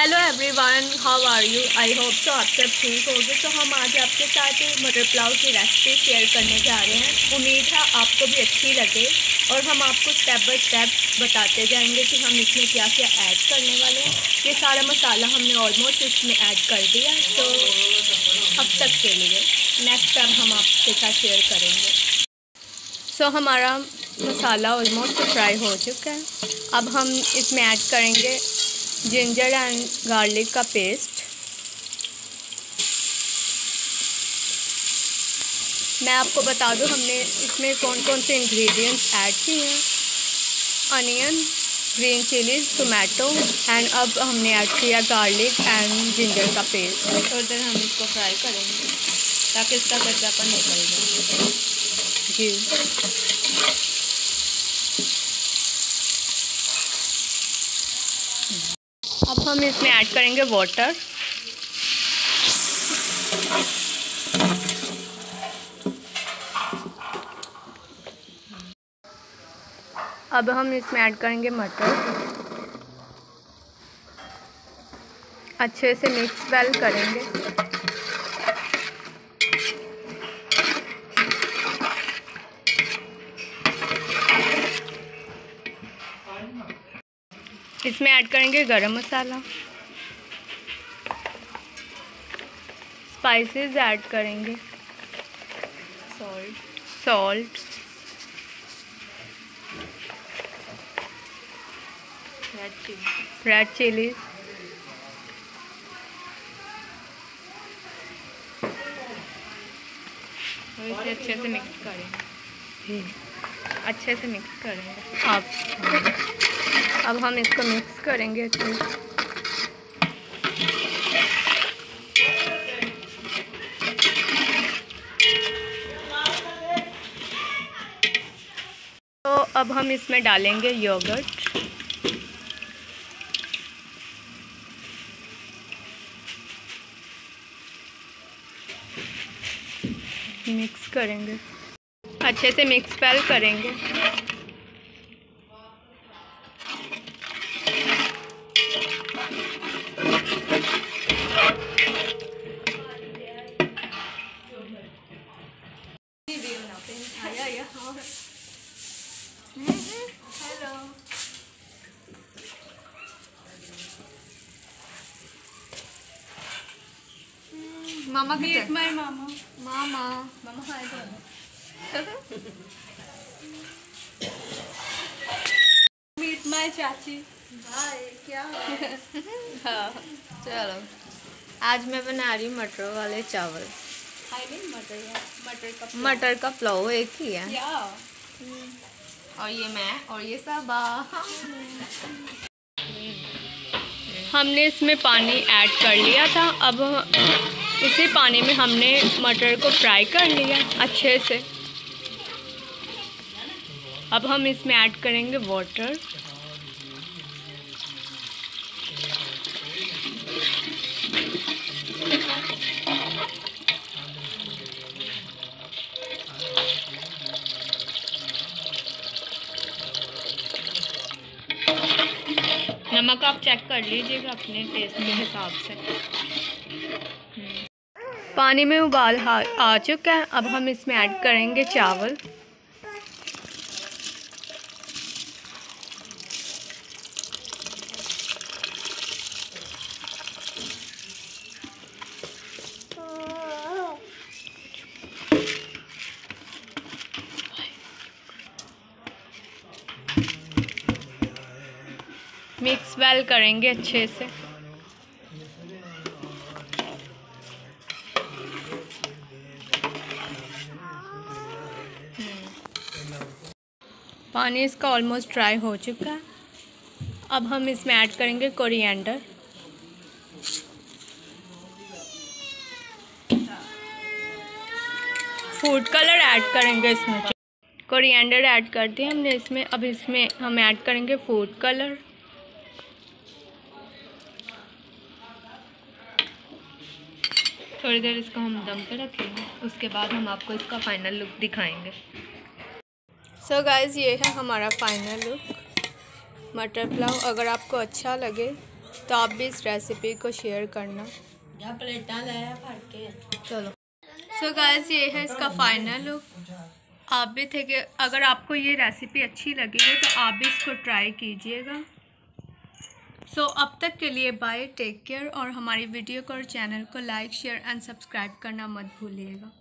Hello everyone how are you I hope तो आप सब ठीक गए तो हम आज आपके साथ मटर पुलाव की रेसिपी शेयर करने जा रहे हैं उम्मीद है आपको भी अच्छी लगे और हम आपको स्टेप बाय स्टेप बताते जाएंगे कि हम इसमें क्या क्या ऐड करने वाले हैं ये सारा मसाला हमने ऑलमोस्ट इसमें ऐड कर दिया तो अब तक के लिए नेक्स्ट टाइम हम आपके साथ शेयर करेंगे सो so, हमारा मसाला ऑलमोस्ट फ्राई हो चुका है अब हम इसमें ऐड करेंगे जिंजर एंड गार्लिक का पेस्ट मैं आपको बता दूं हमने इसमें कौन कौन से इंग्रेडिएंट्स ऐड किए हैं onion green chillies tomato and अब हमने ऐड किया गार्लिक एंड जिंजर का पेस्ट और देन हम इसको फ्राई करेंगे ताकि इसका कच्चापन निकल जाए जी हम इसमें ऐड करेंगे वाटर अब हम इसमें ऐड करेंगे मटर अच्छे से मिक्स वेल करेंगे इसमें ऐड करेंगे गरम मसाला स्पाइसेस ऐड करेंगे सॉल्ट सॉल्ट रेड चिली अच्छे से मिक्स करेंगे हम्म। अच्छे से मिक्स करेंगे आप हाँ। अब हम इसको मिक्स करेंगे अच्छे तो अब हम इसमें डालेंगे योगर्ट मिक्स करेंगे अच्छे से मिक्स पैल करेंगे माय मामा मामा मामा माय चाची क्या हाँ चलो आज मैं बना रही हूँ मटर वाले चावल मटर का मटर का पुलाव एक ही है हम्म। और ये मैं और ये सब हमने इसमें पानी ऐड कर लिया था अब इसी पानी में हमने मटर को फ्राई कर लिया अच्छे से अब हम इसमें ऐड करेंगे वाटर नमक आप चेक कर लीजिएगा अपने टेस्ट के हिसाब से पानी में उबाल आ चुका है अब हम इसमें ऐड करेंगे चावल मिक्स वेल करेंगे अच्छे से हम्म। पानी इसका ऑलमोस्ट ड्राई हो चुका है अब हम इसमें ऐड करेंगे कोरिएंडर फूड कलर ऐड करेंगे इसमें कोरिएंडर ऐड कर दिया हमने इसमें अब इसमें हम ऐड करेंगे फूड कलर थोड़ी देर इसको हम दम पे रखेंगे उसके बाद हम आपको इसका फ़ाइनल लुक दिखाएंगे सो so गाइज ये है हमारा फ़ाइनल लुक मटर पुलाव अगर आपको अच्छा लगे तो आप भी इस रेसिपी को शेयर करना प्लेटा लाया भर के चलो सो so गाइज ये है इसका फ़ाइनल लुक आप भी थे कि अगर आपको ये रेसिपी अच्छी लगेगी तो आप भी इसको ट्राई कीजिएगा सो so, अब तक के लिए बाय टेक केयर और हमारी वीडियो को और चैनल को लाइक शेयर एंड सब्सक्राइब करना मत भूलिएगा